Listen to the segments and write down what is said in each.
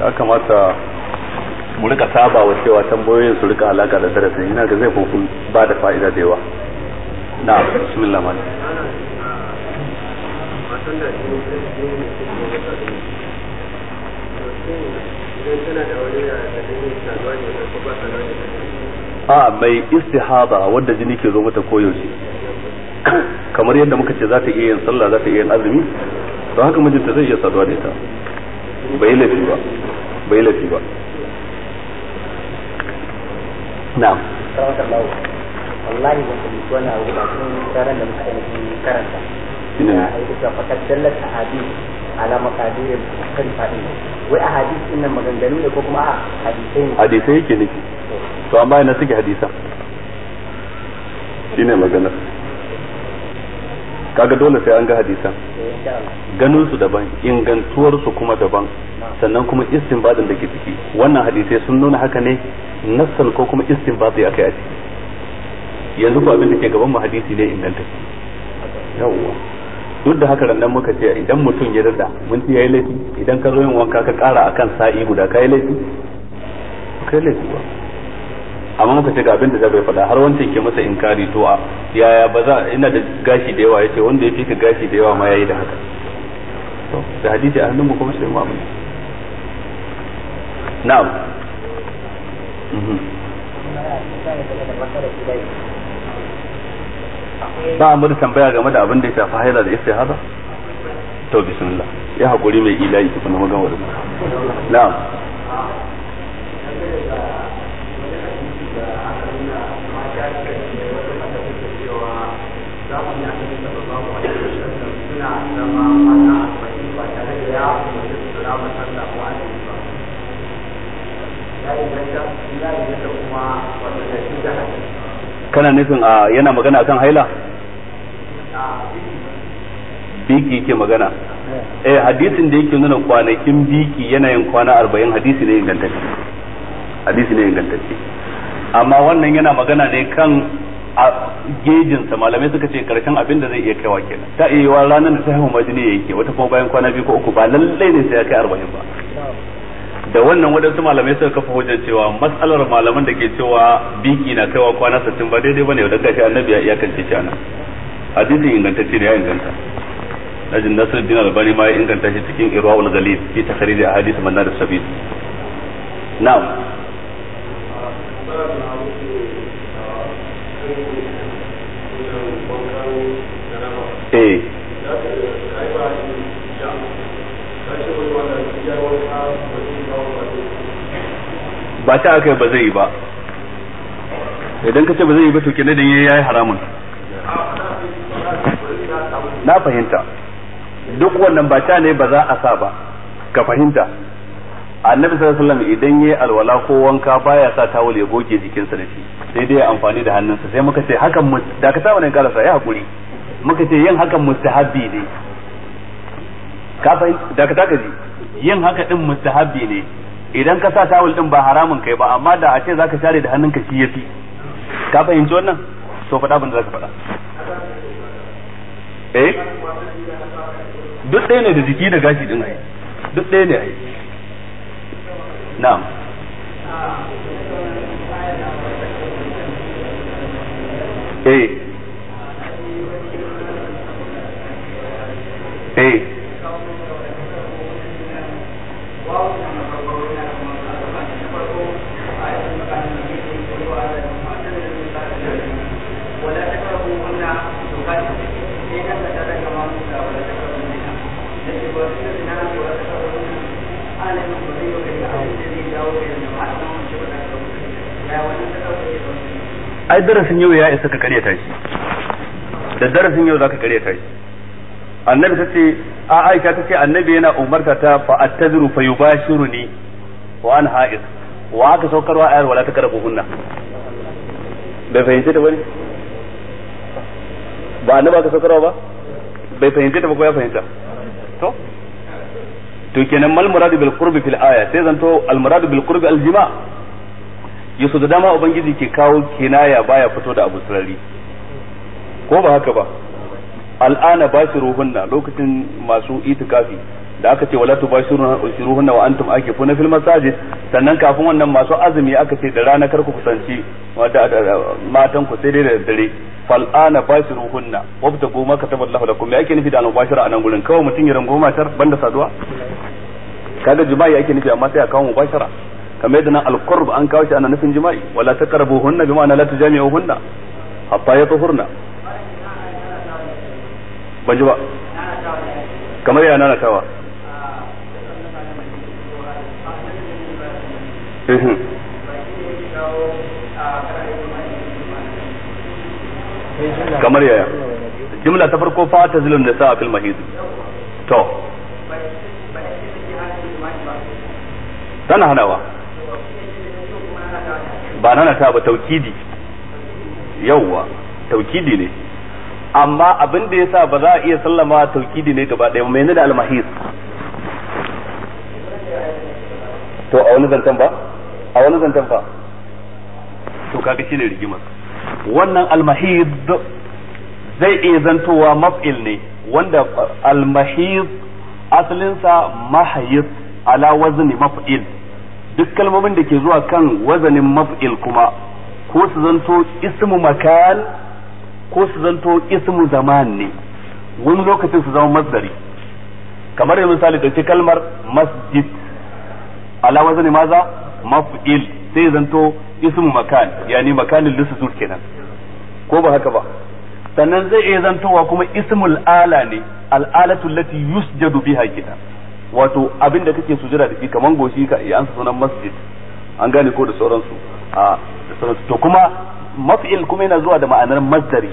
ya kamata mu rika saba wa cewa tambayoyin su rika alaka da darasin ina ga zai kun ba da fa'ida da yawa na bismillah ma a mai istihada wanda jini ke zo mata koyaushe kamar yadda muka ce za ta iya yin sallah za ta iya yin azumi to haka mijinta zai iya saduwa da ita bai lafi ba bai lafi ba na'am wallahi ban ku wani abu ba da muka ainihin karanta ina fakar dallar ala makadirin kan fadin wai a din nan maganganu ne ko kuma a hadisai ne hadisai yake to amma ina suke shine magana kaga dole sai an ga hadisan eh, ganin su daban ingantuwar su kuma daban sannan kuma istinbadin da ke ciki wannan hadisai sun nuna haka ne nassan ko kuma istinbadi akai a ciki yanzu ko abin da ke gaban mu hadisi ne danta yawwa duk da haka randan muka ce idan mutum ya dada mun ci yayi laifi idan ka zo yin wanka ka kara akan sa'i guda ka yi laifi kai laifi ba amma muka ce ga abin da zai faɗa har wancan ke masa inkari to a yaya ba za ina da gashi da yawa yace wanda ya fi ka gashi da yawa ma yayi da haka to da hadisi a hannun mu kuma sai mu amince na'am mhm. ba mu da tambaya game da abin da ya shafi haila da hada to bismillah ya hakuri mai ilahi kuma magana wadda na'am Thank you. kana nufin a ah, yana magana akan haila biki ke magana eh hadisin da yake nuna kwanakin biki yana yin kwana arba'in hadisi ne ingantacce hadisi ne ingantacce amma wannan yana magana ne kan a gejinsa malamai suka ce karshen abin da zai iya kaiwa kenan ta iya ranar da ta haihu majini yake wata kuma bayan kwana biyu ko uku ba lallai ne sai ya kai arba'in ba da wannan wadansu malamai suka kafa hujjar cewa matsalar malaman da ke cewa biki na kaiwa kwana 60 ba daidai bane da kashi annabi ya iyakance shi anan hadisin ingantacce ne ya inganta najin nasiruddin albani ma ya inganta shi cikin irwaul galib fi takhrij ahadith da sabil na'am eh ba ta aka ba zai yi ba idan ka ce ba zai yi ba to kenan dan yayi haramun na fahimta duk wannan ba ta ne ba za a sa ba ka fahimta annabi sallallahu alaihi wasallam idan yayi alwala ko wanka baya sa tawul ya goge jikinsa da shi sai dai amfani da hannunsa sai muka ce hakan da ka saba ne rasa ya hakuri muka ce yin hakan mustahabi ne ka fahimta da ka ji yin haka din mustahabi ne idan ka sa tawul din ba haramun kai ba amma da a ce zaka share da hannunka shi yafi ka fahimci wannan to faɗa abin da zaka faɗa eh duk ɗaya ne da jiki da gashi din ai duk ɗaya ne ai na'am eh ai darasin yau ya isa ka karyata shi da darasin yau zaka karyata shi annabi tace a aisha tace annabi yana umarta ta fa attaziru fa yubashiruni wa an ha'id wa aka wa ayar wala ta karabu hunna bai fahimci ta bane ba annabi aka saukar ba bai fahimci ta ba ko ya fahimta to to kenan mal muradu bil qurbi fil aya sai zanto al muradu bil qurbi al jima' Yusuf da dama ubangiji ke kawo kinaya baya fito da abu sarari ko ba haka ba al'ana Ruhunna lokacin masu itikafi da aka ce wala ruhunna wa antum na fil masajid sannan kafin wannan masu azumi aka ce da rana kar ku kusanci matan ku sai dai da dare fal ana ka wabtagu lafa da kuma ya ake nufi da al a nan gurin kawai mutum ya rango matar banda saduwa kaga jima'i ke nufi amma sai a kawo mubashara kamar yadda nan alqurb an kawo shi ana nufin jima'i wala taqrabuhunna bi ma'ana la tujami'uhunna hatta yatuhurna ban ji ba kamar yana na tawa kamar yaya jimla ta farko fa ta zilun da sa fil mahid to tana hanawa ba nana ta ba taukidi yawwa taukidi ne amma abin da yasa ba za a iya sallama taukidi ne gaba ɗaya mai da almahis to a wani zantan ba a wani zantan ba to kaga ne rigimar wannan almahis zai iya zantowa maf'il ne wanda almahis asalinsa mahayis ala wazni maf'il duk kalmomin da ke zuwa kan wazanin maf'il kuma ko su zanto ismu makan ko su zanto ismu zaman ne wani lokacin su zama masdari kamar yanzu misali ɗauki kalmar masjid ala wazani maza maf'il sai zanto ismu makan yani makanin lissu kenan ko ba haka ba sannan zai iya zantowa kuma ismul ala ne al'alatu allati yusjadu biha kenan wato abin da kake jira da shi kaman goshi ka iya ansa sunan masjid an gane ko da sauransu a da sauransu to kuma maf'il kuma yana zuwa da ma'anar masdari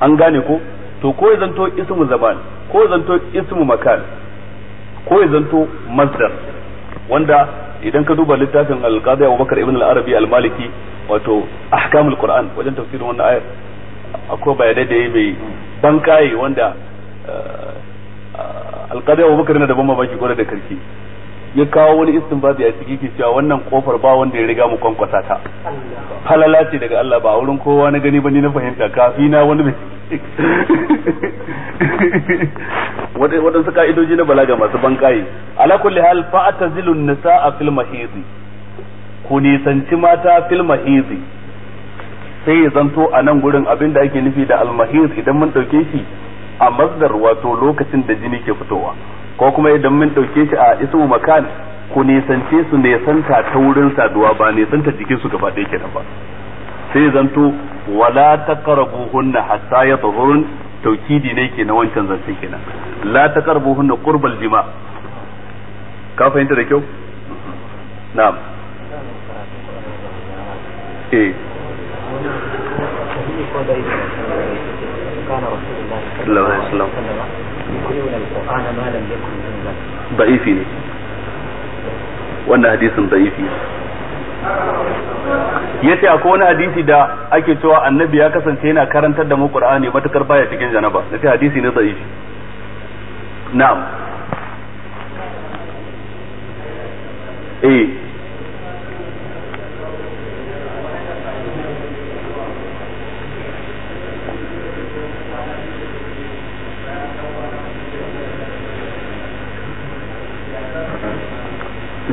an gane ko to ko zanto ismu zaman ko zanto ismu makan ko zanto masdar wanda idan ka duba littafin al-qadi Abubakar ibn al-Arabi al-Maliki wato ahkamul Qur'an wajen tafsirin wannan ayar akwai bayanai da yayi mai ban kai wanda eh, Abu bakar na da ma baki kwarar da karfi ya kawo wani istinbadi a ciki ke cewa wannan kofar ba wanda ya riga mu kwankwasa ta halala ce daga Allah ba wurin kowa na gani ba ni na fahimta kafi na wani mai waɗansu ka'idoji na balaga masu bankaye ala kulli hal fa'tazilu nisaa fil mahiz ku nisanci mata fil mahiz sai ya zanto a nan gurin abinda ake nufi da al idan mun dauke shi a mazdar wato lokacin da jini ke fitowa ko kuma idan mun dauke shi a ismu makan ku nisance su nisanta ta wurin saduwa ba nisanta jikin su gaba ɗaya kenan ba sai zanto wala hunna hatta yatahurun tawkidi ne ke na wancan zance kenan la hunna qurbal jima ka fahimta da kyau na'am eh كان رسول الله wannan hadisin da'ifi yace akwai wani hadisi da ake cewa annabi ya kasance yana karantar da mu qur'ani matakar baya cikin janaba nace hadisi ne da'ifi na'am eh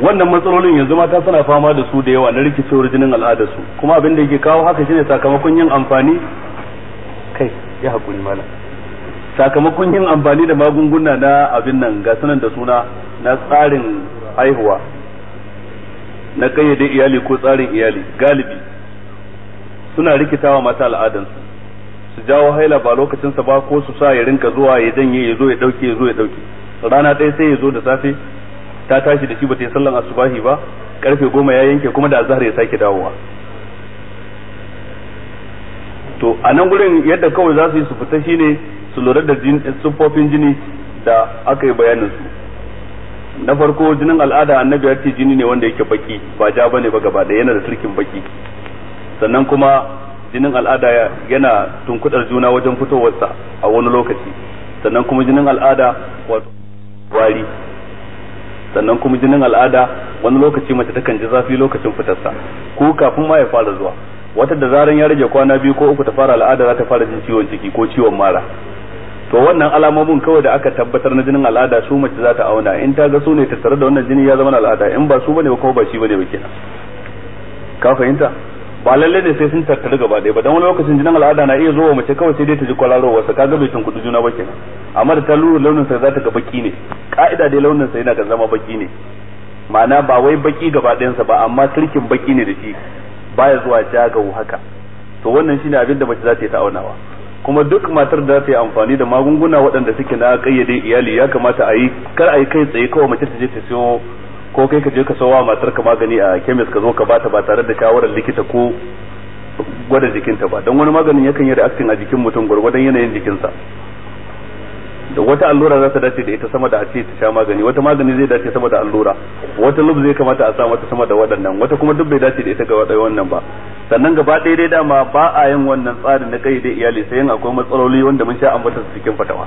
wannan matsalolin yanzu mata suna fama da su da yawa na rikicewar jinin al'adar su kuma abin da yake kawo haka shine sakamakon yin amfani kai ya hakuri malam sakamakon yin amfani da magunguna na abin nan ga sanan da suna na tsarin haihuwa na kayyade iyali ko tsarin iyali galibi suna rikitawa mata al'adansu su jawo haila ba lokacin sa ba ko su sa ya rinka zuwa ya janye ya zo ya dauke ya zo ya dauke rana ɗaya sai ya zo da safe ta tashi da shi bata yi sallan asubahi ba karfe goma ya yanke kuma da azahar ya sake dawowa to a nan gurin yadda kawai za su yi su fita shine su lura da siffofin jini da aka yi bayanin su na farko jinin al'ada annabi ya ce jini ne wanda yake baki ba ja bane ba gaba yana da turkin baki sannan kuma jinin al'ada yana tunkudar juna wajen fitowarsa a wani lokaci sannan kuma jinin al'ada wato wari sannan kuma jinin al'ada wani lokaci mace takan ji zafi lokacin fitarsa ko kafin ma ya fara zuwa wata da zaran ya rage kwana biyu ko uku ta fara al'ada za ta fara jin ciwon ciki ko ciwon mara to wannan alamomin kawai da aka tabbatar na jinin al'ada su mace za ta auna in ta ga su ne ta tare da wannan jini ya zama al'ada in ba su bane ba ko ba shi bane ba kenan ka fahimta ba lalle ne sai sun tattaru gaba ɗaya ba dan wani lokacin jinin al'ada na iya zuwa mace kawai sai dai ta ji ka ga bai tunkudu juna ba kenan amma da ta lura launin sa za ta ga baki ne ka'ida dai launin sa yana ga zama baki ne ma'ana ba wai baki gaba sa ba amma turkin baki ne da shi baya zuwa ja jagawo haka to wannan shine abin da mace za ta yi ta kuma duk matar da ta yi amfani da magunguna waɗanda suke na kayyade iyali ya kamata a yi kar a yi kai tsaye kawai mace ta je ta siyo ko kai ka je ka sawa matar ka magani a kemis ka zo ka bata ba tare da shawarar likita ko gwada jikinta ba don wani maganin yakan yi reacting a jikin mutum gwargwadon yanayin jikinsa da wata allura za ta dace da ita sama da a ce ta sha magani wata magani zai dace sama da allura wata lub zai kamata a sa mata sama da waɗannan wata kuma duk bai dace da ita ga waɗai wannan ba sannan gaba ɗaya dai dama ba a yin wannan tsarin na kai da iyali sai yin akwai matsaloli wanda mun sha ambata su cikin fatawa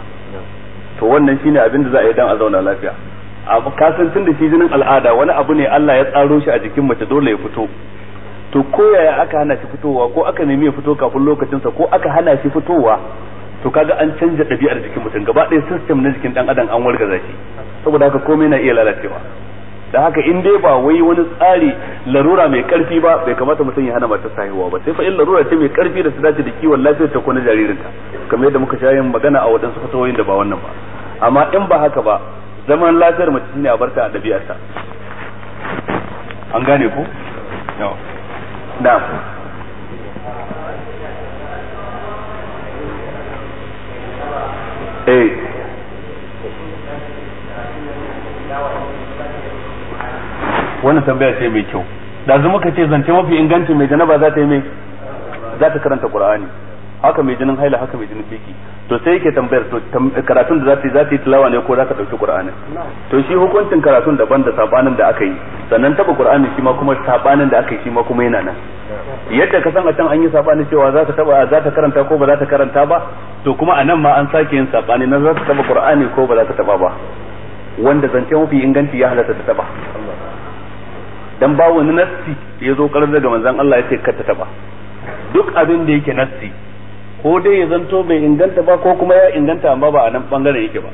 to wannan shine abin da za a yi dan a zauna lafiya a kasancin da shi jinin al'ada wani abu ne Allah ya tsaro shi a jikin mace dole ya fito to ko yaya aka hana shi fitowa ko aka nemi ya fito kafin lokacinsa ko aka hana shi fitowa to kaga an canza dabi'ar jikin mutum gaba ɗaya system na jikin ɗan adam an warga zaki saboda haka komai na iya lalacewa da haka in dai ba wai wani tsari larura mai karfi ba bai kamata mutum ya hana matar haihuwa ba sai fa in larura ce mai karfi da su dace da kiwon lafiyar ta ko na jaririnta kamar yadda muka shayin yin magana a waɗansu fatawoyin da ba wannan ba amma in ba haka ba zaman lafiyar mace ne a barta a ɗabi'arta an gane ku na'am Eh. wannan tambaya ce mai kyau da zuma ka ce zance mafi inganci mai janaba za ta yi mai za ta karanta qur'ani haka mai jinin haila haka mai jinin biki to sai yake tambayar to karatun da za ta yi za ta yi tilawa ne ko za ka dauki qur'anin to shi hukuncin karatun daban da sabanin da aka yi sannan taba qur'ani shi ma kuma sabanin da aka yi shi ma kuma yana nan yadda ka san a can an yi sabanin cewa za ta taba za ta karanta ko ba za ta karanta ba to kuma a nan ma an sake yin sabani na za ta taba qur'ani ko ba za ta taba ba wanda zance mafi inganci ya halatta ta taba dan ba wani nassi ya zo karar daga manzon Allah ya ce ka ta taba duk abin da yake nassi ko dai ya zanto bai inganta ba ko kuma ya inganta amma ba a nan bangaren yake ba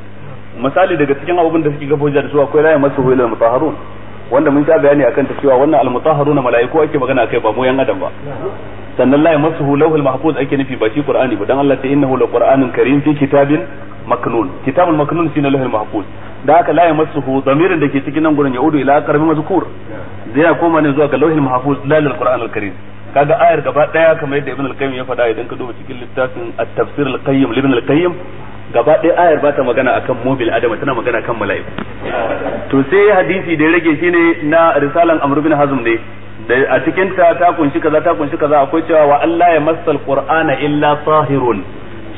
misali daga cikin abubuwan da suke gafoja da su akwai la masu hulul mutahharun wanda mun sha bayani akan ta cewa wannan al-mutahharuna mala'iku ake magana kai ba mu yan adam ba sannan la yamassuhu lawhul mahfuz ake nufi ba shi qur'ani ba dan Allah ta innahu qur'anun karim fi kitabin maknun kitabul maknun shine lawhul mahfuz da haka la yamassuhu damirin da ke cikin nan gurin udu ila karbi mazkur zai koma ne zuwa ga lawhul mahfuz la lil qur'anul karim kaga ayar gaba daya kamar yadda ibn al-qayyim ya faɗa idan ka duba cikin littafin at-tafsir al-qayyim ibn al-qayyim gaba daya ayar ba ta magana akan mobil adama tana magana kan mala'iku to sai hadisi da ya rage shine na risalan amr bin hazm ne da a cikin ta ta kunshi kaza ta kunshi kaza akwai cewa wa Allah ya massal qur'ana illa tahirun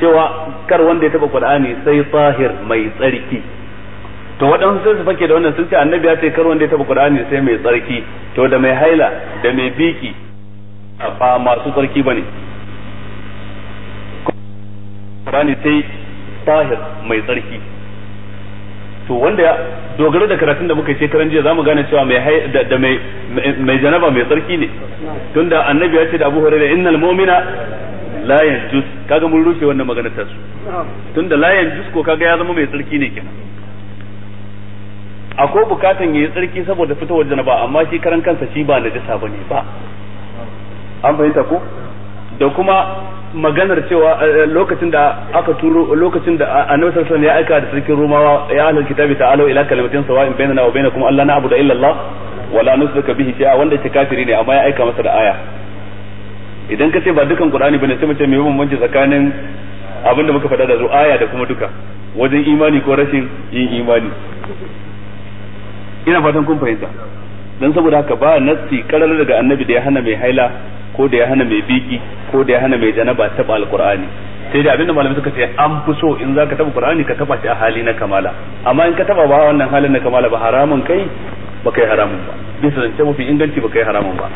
cewa kar wanda ya taba qur'ani sai tahir mai tsarki to waɗansu sai su fake da wannan sun ce annabi ya ce kar wanda ya taba qur'ani sai mai tsarki to da mai haila da mai biki ba masu tsarki bane qur'ani sai tahir mai tsarki to wanda ya dogara da karatun da muka yi shekaran jiya zamu gane cewa mai da mai mai janaba mai tsarki ne tunda annabi ya ce da Abu Hurairah innal mu'mina la yanjus kaga mun rufe wannan maganar ta su tunda la yanjus ko kaga ya zama mai tsarki ne kenan akwai bukatan yayi tsarki saboda fitowar janaba amma shi karan kansa shi ba najasa bane ba an fahimta ko da kuma maganar cewa eh, eh, lokacin da aka turo lokacin da eh, annabi sallallahu alaihi ya aika da sarkin rumawa ya ahlul kitabi ta'alu ila kalimatin in bainana wa bainakum alla na'budu illa Allah wa la nusrika bihi shay'a wanda yake kafiri ne amma ya aika masa da aya idan ka ce ba dukan qur'ani bane sai mu ce me bambanci tsakanin abin da muka faɗa da zo aya da kuma duka wajen imani ko rashin yin imani ina fatan kun fahimta dan saboda haka ba nassi karar daga annabi da ya hana mai haila ko da ya hana mai biki ko da ya hana mai janaba taba alqur'ani sai da abinda malamai suka ce an fi so in zaka taba qur'ani ka taba shi a hali na kamala amma in ka taba ba wannan halin na kamala ba haramun kai ba kai haramun ba bisa zance mafi inganci ba kai haramun ba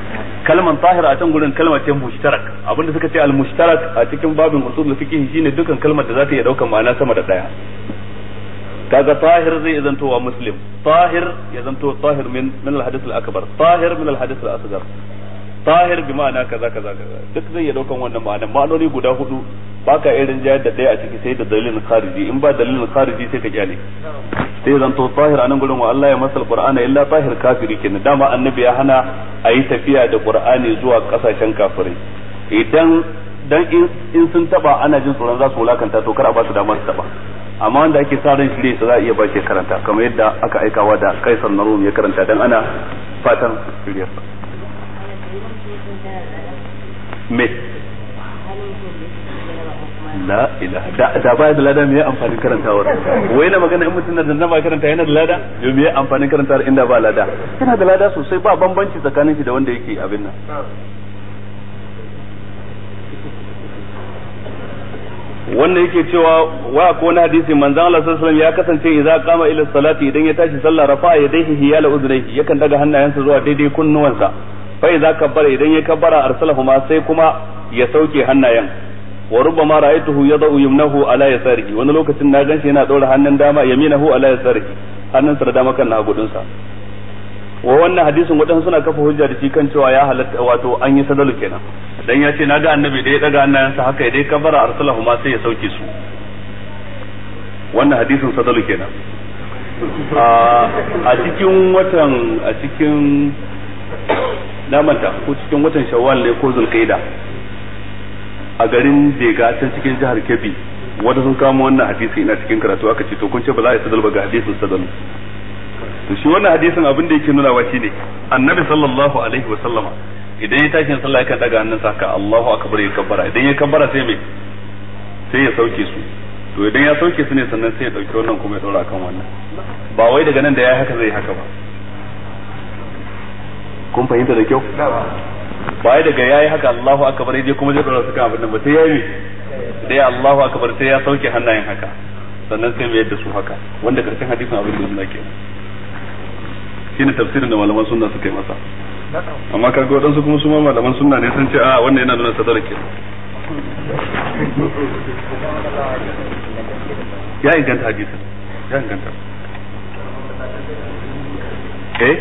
kalman tahir a can gurin kalma ce mushtarak abinda suka ce al mushtarak a cikin babin usul fiqh shine dukkan kalmar da za ta iya daukan ma'ana sama da daya kaga tahir zai zanto wa muslim tahir ya zanto tahir min min alhadith alakbar tahir min alhadith alasghar asghar tahir bi ma'ana kaza kaza kaza duk zai ya daukan wannan ma'anan ma'anoni guda hudu baka irin jayar da a ciki sai da dalilin khariji in ba dalilin khariji sai ka kyale sai zanto tahir anan gurin wa Allah ya masa alqur'ana illa tahir kafiri kenan dama annabi ya hana ayi tafiya da qur'ani zuwa kasashen kafirai idan dan in sun taba ana jin tsoron za su wulakanta to kar a ba su damar su taba amma wanda ake sa ran shi ne za a iya ba shi karanta kamar yadda aka aikawa da kaisar na ya karanta dan ana fatan shirye me la ilaha da da ba da lada me amfanin karantawar wai na magana in mutum na da ba karanta yana da lada yo me amfanin karantawar inda ba lada yana da lada sosai ba bambanci tsakanin shi da wanda yake abin nan wannan yake cewa wa ko na hadisi manzon Allah sallallahu alaihi ya kasance idza qama ila salati idan ya tashi sallah rafa hiya hiyala uzrayhi yakan daga hannayensa zuwa daidai kunnuwansa fa idza kabbara idan ya kabbara ma sai kuma ya sauke hannayen wa rubbama ra'aytuhu yad'u yumnahu ala yasarihi wani lokacin na ganshi yana daura hannun dama yaminahu ala yasarihi hannunsa da dama kan na gudunsa wa wannan hadisin wadansu suna kafa hujja da shi kan cewa ya halatta wato an yi sadalu kenan dan ya ce naga annabi da ya daga annayansa haka dai kabara arsalahu ma sai ya sauke su wannan hadisin sadalu kenan a cikin watan a cikin namanta ko cikin watan shawwal ne ko zulqaida a garin Dega can cikin jihar Kebbi wanda sun kama wannan hadisi ina cikin karatu aka ce to kun ce ba za a yi sadal ba ga hadisin sadalu. to shi wannan hadisin abin da yake nunawa shine annabi sallallahu alaihi wa sallama idan ya tashin sallah yakan daga hannunsa ka Allahu akbar ya kabbara idan ya kabbara sai me sai ya sauke su to idan ya sauke su ne sannan sai ya dauki wannan kuma ya daura kan wannan ba wai daga nan da ya haka zai haka ba kun fahimta da kyau ba daga yayi haka Allahu akbar ya je kuma zai daura su kan abin nan ba sai yayi dai Allahu akbar sai ya sauke hannayen haka sannan sai mai yadda su haka wanda karshen hadisin abin da yake shine tafsirin da malaman sunna suka yi masa amma kaga wadansu kuma su ma malaman sunna ne sun ce a ah, wannan yana nuna sadar ke ya inganta hadisin ya inganta eh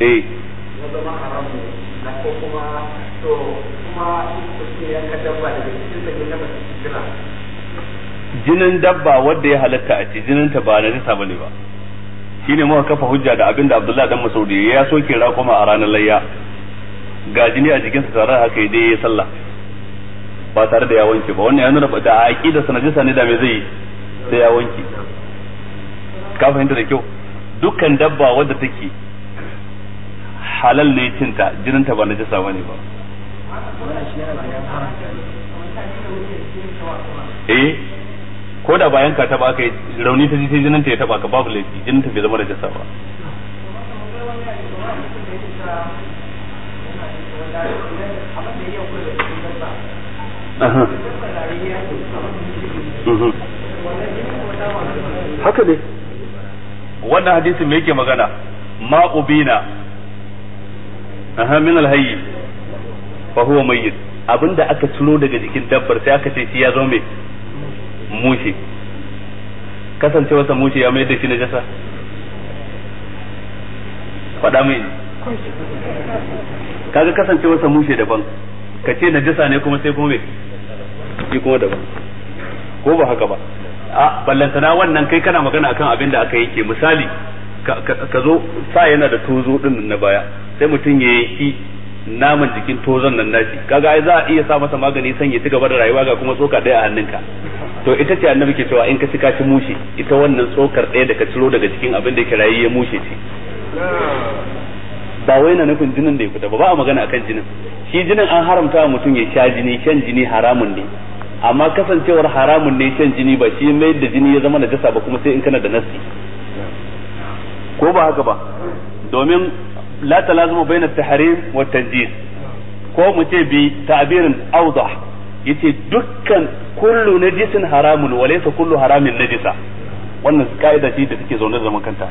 eh eh jinin dabba wanda ya halatta a ci jinin ta ba na nisa bane ba shine muka kafa hujja da abinda Abdullah dan Masudi ya soke raƙuma a ranar layya ga jini a jikinsa tare haka dai ya sallah ba tare da ya wanke ba wannan ya nuna da aqida sanajisa ne da me zai sai ya wanke ka fahimta da kyau dukkan dabba wadda take halal ne cinta ta ba na najasa bane ba eh ko da bayan ka taba ka rauni ta ji sai jinin ta ya taba ka babu laifi jinin ta bai zama najasa ba haka ne wannan hadisin me yake magana ma ubina aha min alhayy fa huwa mayyit abinda aka ciro daga jikin dabbar sai aka ce shi ya zo mai mushe kasancewarsa mushe ya mayar da shi na jasa faɗa mai kaga kasancewarsa mushe daban ka ce na jasa ne kuma sai kuma mai shi kuma daban ko ba haka ba a ballantana wannan kai kana magana akan abin da aka yanke misali ka zo sa yana da tozo din na baya sai mutum ya yi naman jikin tozon nan nashi kaga ai za a iya sa masa magani san ya ci gaba da rayuwa ga kuma tsoka daya a hannunka to ita ce annabi ke cewa in ka ci ci mushe ita wannan tsokar ɗaya da ka ciro daga cikin abin da rayi ya mushe ce ba wai na nufin jinin da ya fita ba ba a magana akan jinin shi jinin an haramta wa mutum ya sha jini shan jini haramun ne amma kasancewar haramun ne shan jini ba shi mai da jini ya zama na jasa ba kuma sai in kana da nasi ko ba haka ba domin la talazuma bainat tahrim wa tanjis ko mu ce bi ta'birin awdah yace dukkan kullu najisin haramun wa laysa kullu haramin najisa wannan kaida ce da take zaune da zaman kanta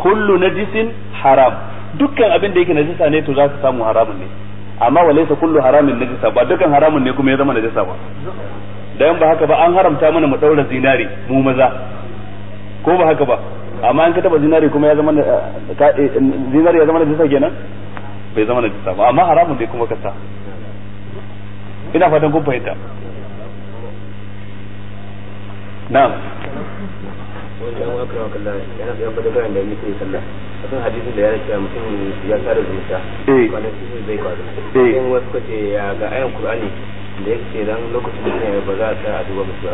kullu najisin haram dukkan abin da yake najisa ne to za samu haramun ne amma wa laysa kullu haramin najisa ba dukkan haramun ne kuma ya zama najisa ba dan ba haka ba an haramta mana mu daura zinari mu maza ko ba haka ba amma an ka zinari kuma ya zama eh, zinari ya zama najisa kenan bai zama najisa ba amma haramun ne kuma kasa ina fatan kun fahimta na'am yana da da ya sallah eh. hadisin eh. da ya mutum ya zuciya kwanan zai kwazo wasu a tsaya a duba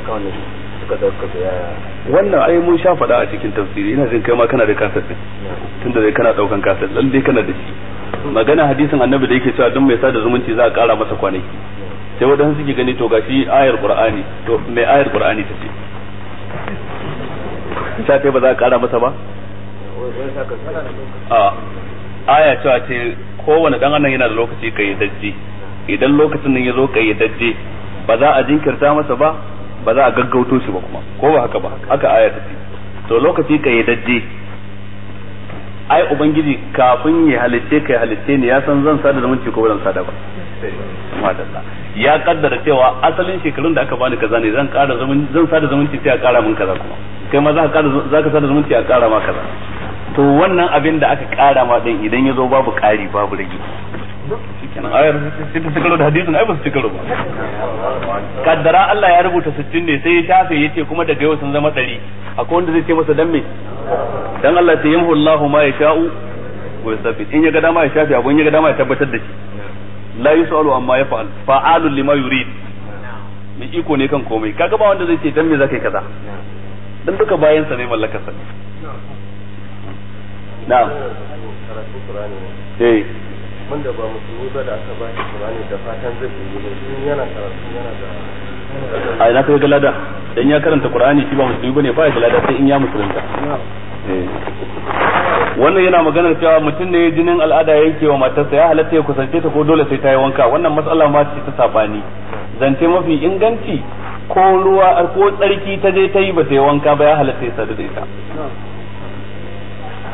wannan suka ai mun sha faɗa a cikin tafsiri ina jin kai ma kana da kasar tunda dai kana daukan kasar lalle kana da shi magana hadisin annabi da yake cewa duk mai sada zumunci za a kara masa kwanaki sai wadansu suke gani to gashi ayar qur'ani to mai ayar qur'ani ta ce ta kai ba za a kara masa ba a aya cewa ce kowane dan annan yana da lokaci kayyadajje idan lokacin nan ya zo kayyadajje ba za a jinkirta masa ba ba za a gaggauto shi ba kuma ko ba haka ba haka aya ta ce to lokaci kayyadajje ai ubangiji kafin ya halitte kai halitte ne ya san zan sada zumunci ko ba zan sada ba ya kaddara cewa asalin shekarun da aka bani kaza ne zan kara zaman zan sada zumunci sai a kara min kaza kuma kai ma zaka kara zaka sada zumunci a kara ma kaza to wannan abin da aka kara ma din idan yazo babu kari babu rage kenan ayar sai ta cikaro da hadisin ai ba su cikaro ba kaddara Allah ya rubuta 60 ne sai ya shafe yace kuma daga yau sun zama 100 akwai wanda zai ce masa dan me dan Allah sai yamhu Allahu ma yasha'u wa yuthabbit in ya ga dama ya shafe abun ya ga dama ya tabbatar da shi la yusalu amma yaf'al fa'alun lima yurid mai iko ne kan komai kaga ba wanda zai ce dan me zaka yi kaza dan duka bayan sa ne mallakar sa na'am eh wanda ba musulmi ba da aka ba shi Qur'ani da fatan zai yi ne yana karatu yana da a ina kai galada dan ya karanta qur'ani shi ba musulmi bane ba ya galada sai in ya musulunta eh. wannan yana maganar cewa mutum ne jinin al'ada yake wa matarsa ya halatta ya kusance ta ko dole sai ta yi wanka wannan matsala ma ce ta sabani zance mafi inganci ko ruwa ko tsarki ta je ta yi ba ta yi wanka ba ya halatta ya sadu da ita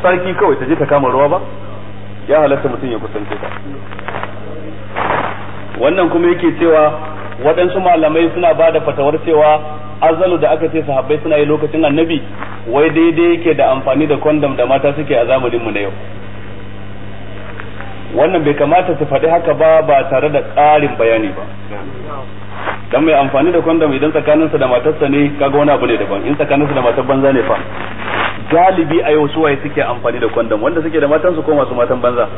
tsarki kawai ta je ta kama ruwa ba ya halatta mutum ya kusance ta wannan kuma yake cewa waɗansu malamai suna ba da fatawar cewa azalu da aka ce sahabbai suna yi lokacin annabi wai daidai yake da amfani da kondom da mata suke a zamanin mu na yau wannan bai kamata su faɗi haka ba ba tare da ƙarin bayani ba dan mai amfani da kondom idan tsakaninsa da matarsa ne kaga wani abu ne daban in tsakaninsa da matar banza ne fa galibi a yau suwaye suke amfani da kondom wanda suke da matansu ko masu matan banza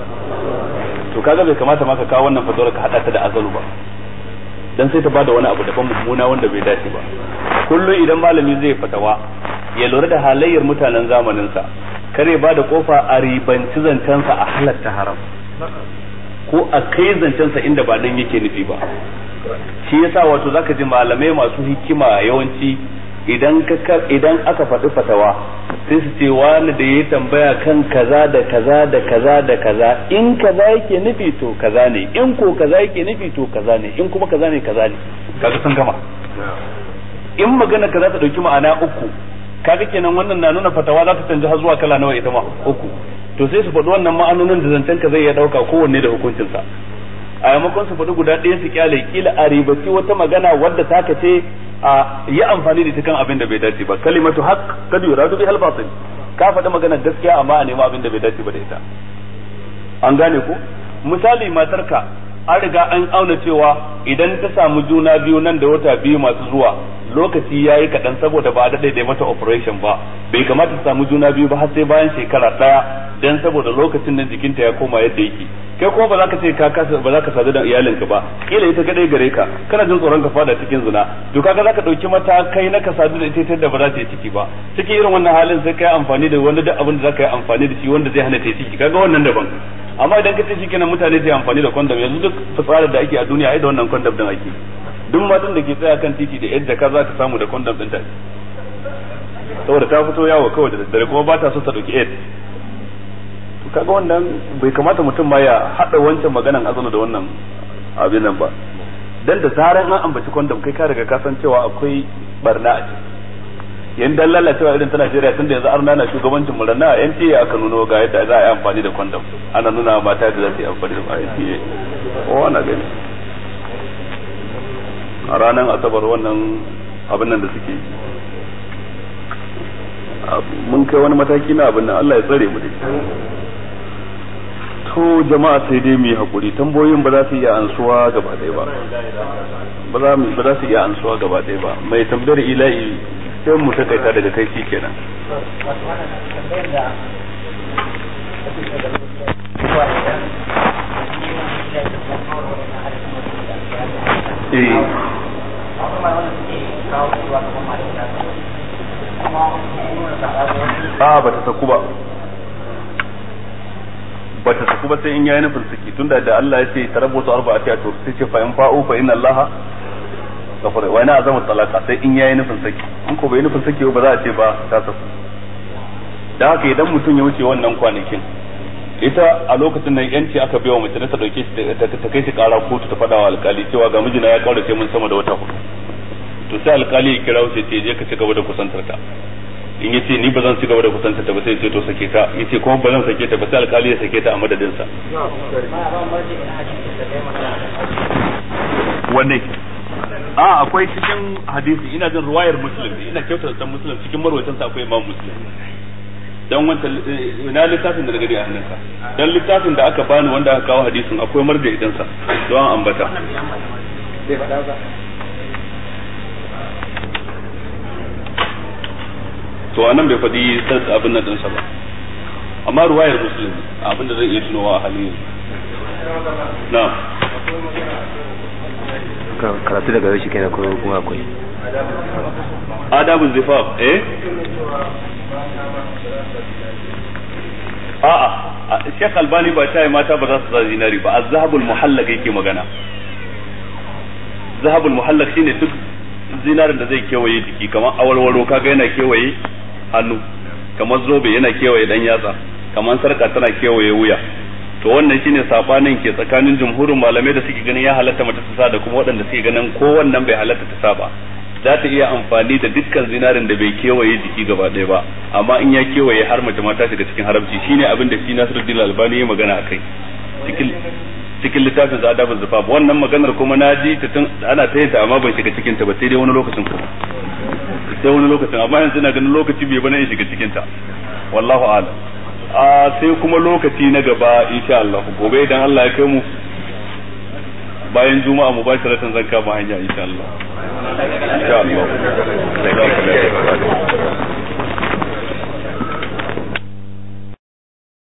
to kaga bai kamata ma ka kawo wannan fatawar ka hada ta da azalu ba dan sai ta bada wani abu daban mummuna wanda bai dace ba kullum idan malami zai fatawa ya lura da halayyar mutanen zamanin sa kare ba da kofa a ribanci sa a halatta haram ko a kai sa inda ba nan yake nufi ba shi yasa wato zaka ji malamai masu hikima yawanci idan ka idan aka faɗi fatawa sai su ce wani da ya tambaya kan kaza da kaza da kaza da kaza in kaza yake nufi to kaza ne in ko kaza yake nufi to kaza ne in kuma kaza ne kaza ne kaga sun gama in magana kaza ta dauki ma'ana uku kaga kenan wannan na nuna fatawa za ta canja har zuwa kala nawa ita ma uku to sai su faɗi wannan ma'anonin da zancen ka zai iya ɗauka kowanne da hukuncinsa a yamakon su faɗi guda ɗaya su kyale kila a ribaci wata magana wadda ta kace a yi amfani da ita kan abin da bai dace ba kalimatu haq kad yuradu bihal batil ka faɗi maganar gaskiya amma a nemi abin da bai dace ba da ita an gane ko misali matarka an riga an auna cewa idan ta samu juna biyu nan da wata biyu masu zuwa lokaci ya yi kaɗan saboda ba a daɗe da mata operation ba bai kamata ta samu juna biyu ba har sai bayan shekara ɗaya dan saboda lokacin nan jikinta ya koma yadda yake kai kuma ba za ka ce ka kasa ba za ka sadu da iyalinka ba kila ita kadai gare ka kana jin tsoron ka fada cikin zina to kaga za ka ɗauki kai na ka sadu da ita ta da ba za ta yi ciki ba cikin irin wannan halin sai ka yi amfani da wani duk abin da za ka yi amfani da shi wanda zai hana ta yi ciki kaga wannan daban amma idan ka ce shikenan mutane sai amfani da kondom yanzu duk fitsarar da ake a duniya ai da wannan kondom din ake duk matan da ke tsaya kan titi da yadda ka za ta samu da kondom din ta saboda ta fito yawo kawai da daddare kuma ba ta so ta dauki aid to kaga wannan bai kamata mutum ma ya hada wancan maganan azana da wannan abin nan ba dan da zaran an ambaci condom kai ka riga ka san cewa akwai barna a ciki yan dan lalacewa irin shirya tun tunda yanzu arna na shugabancin muranna a ce a nuno ga yadda za a yi amfani da kwandam ana nuna mata da za su yi amfani da NTA kowa na gani a ranar asabar wannan abin nan da suke mun kai wani mataki na abin nan Allah ya tsare mu da to jama'a sai dai mu yi hakuri tamboyin ba za su iya ansuwa gaba ɗaya ba ba za su iya ansuwa gaba ɗaya ba mai tambayar ila'i sai mu takaita daga kai shi kenan eh. a ah, ba ta saku ba ba ta saku ba sai in yayi nufin saki tunda da Allah ya ce tarabbutu arba'ati a to sai ce fa in fa'u fa inna Allah kafara wani a zama talaka sai in yayi nufin saki in ko bai nufin saki ba za a ce ba ta saku da haka idan mutum ya wuce wannan kwanakin ita a lokacin nan yanci aka biya wa mace ta dauke shi ta kai shi kara kotu ta fada wa alkali cewa ga mijina ya kaurace mun sama da wata hudu to sai alkali ya kira wuce ce je ka ci gaba da kusantar ta in yace ni ba zan ci gaba da kusantar ta ba sai ce to sake ta yace kuma ba zan sake ta ba sai alkali ya sake ta a madadin sa wannan a akwai cikin hadisi ina jin ruwayar muslim ina kyautar san muslim cikin marwatan akwai imam muslim dan wanta eh, ina littafin da daga a sa dan littafin da aka bani wanda aka kawo hadisin akwai marja idan sa don ambata to anan bai faɗi abin nan ɗinsa ba amma ruwayar muslim abin da zan iya tunowa a halin na'am karatu daga yau na kuma kuma akwai adabu zifaf eh a'a shekh Albani ba ta mata ba za su sa zinari ba azhabul muhallaq yake magana zahabul muhallaq shine duk zinarin da zai kewaye jiki kamar awalwaro kaga yana kewaye hannu kamar zobe yana kewaye dan yatsa kamar sarka tana kewaye wuya to wannan shine sabanin ke tsakanin jumhurin malamai da suke ganin ya halatta mata ta sa da kuma waɗanda suke ganin ko wannan bai halatta ta sa ba za ta iya amfani da dukkan zinarin da bai kewaye jiki gaba ɗaya ba amma in ya kewaye har mace ta shiga cikin haramci shine abin da shi Nasiruddin Albani ya magana akai cikin cikin littafin za adabul zufa wannan maganar kuma na ji ta tun ana ta yi ta amma ban shiga cikin ta ba sai dai wani lokacin kuma sai wani lokacin amma yanzu ina ganin lokaci bai bane in shiga cikin ta wallahu a'lam a sai kuma lokaci na gaba insha Allah gobe idan Allah ya kai mu bayan juma'a mu bashi ratan zan kama hanya insha Allah insha Allah